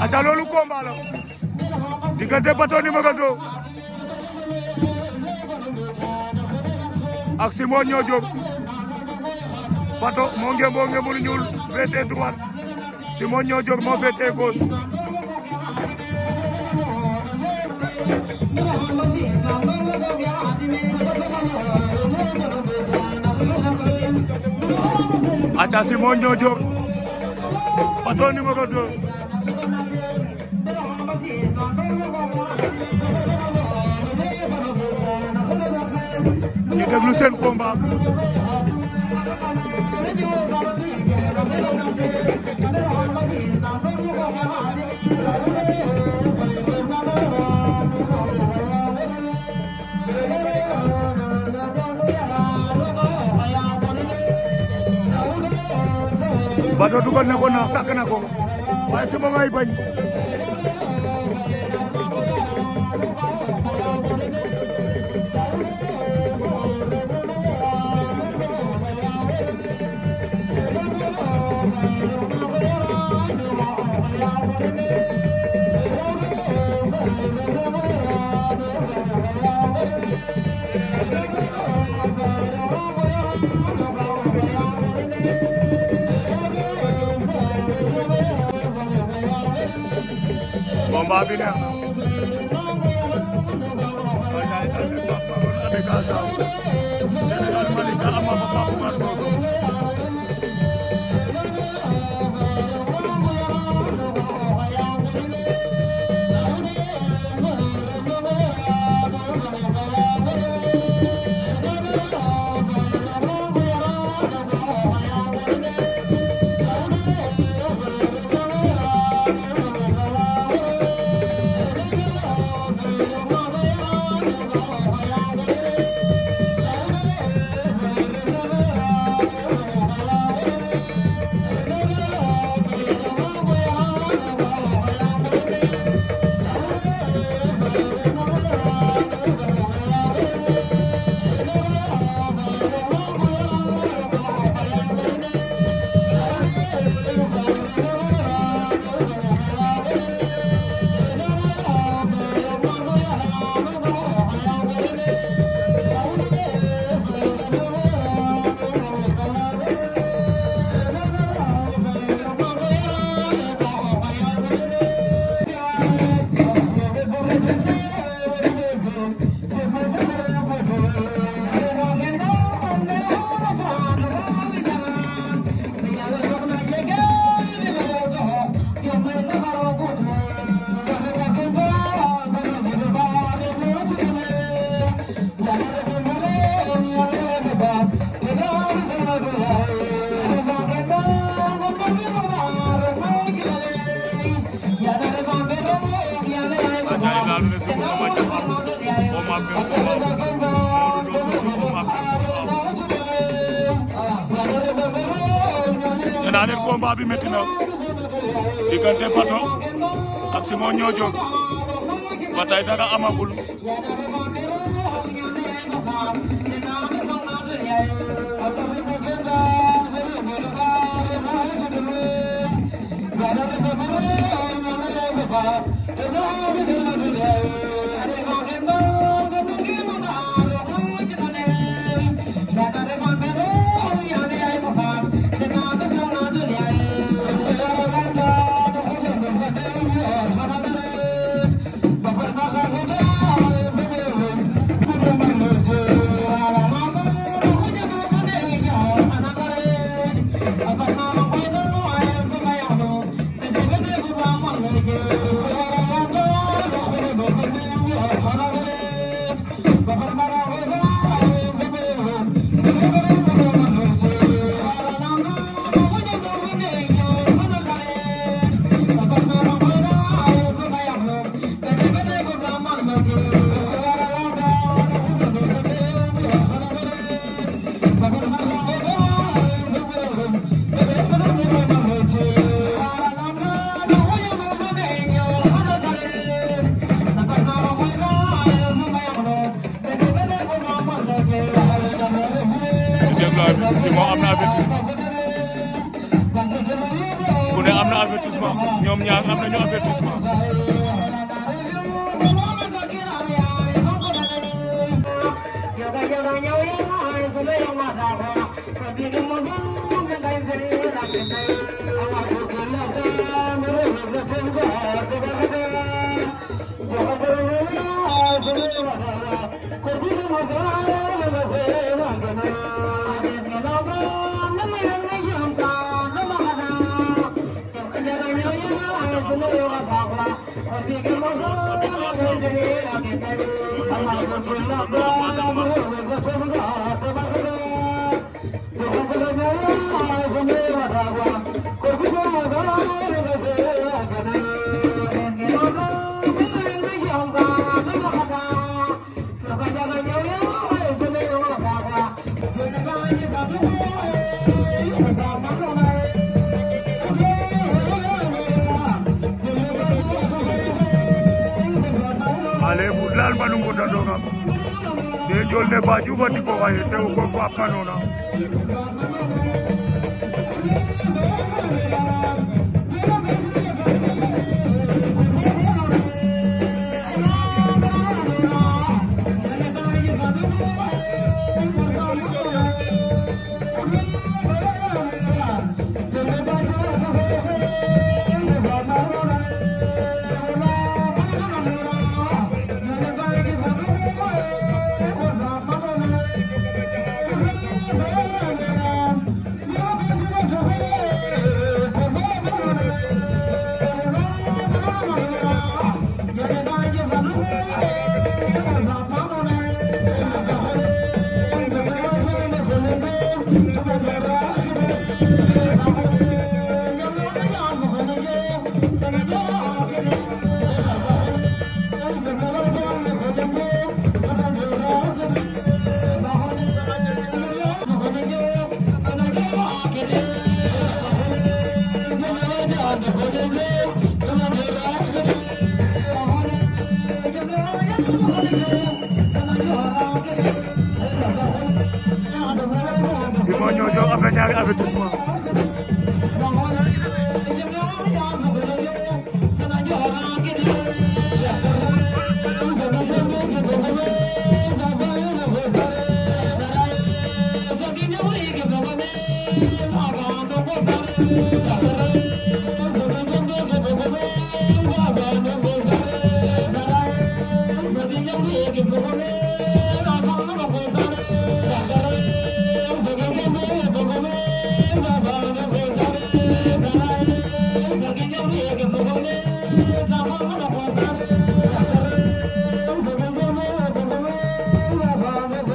acha loolu combat la digante Bato numéro 2 ak Simon ñoo jog Bato mo nge mo moo ngemul ñul féete droite Simon ñoo jog mo féete gauche acha Simon ñoo jóg Bato numéro ñu déglu seen combat. Bato dugal na ko na takk na ko. waaye sama ngay bañ Papa Oumar Adeka Sow général Malika Amama Papa Oumar Sow Sow Ama Diallo moo ma fẹ́ ko waaw Modou Lo Sossokh moo ma fẹ́ ko waaw. nee naa leen combat bi métti na diggante Pato ak Simon Ñoojo ba amagul. Bye-bye. si moom am na avertissement ku ne am na avertissement ñoom ñaar am nañu avertissement I'm not going to dal manu mboda ndona be jolne baju fati ko xaye tew ko fa na advertisement. Thank you. Baba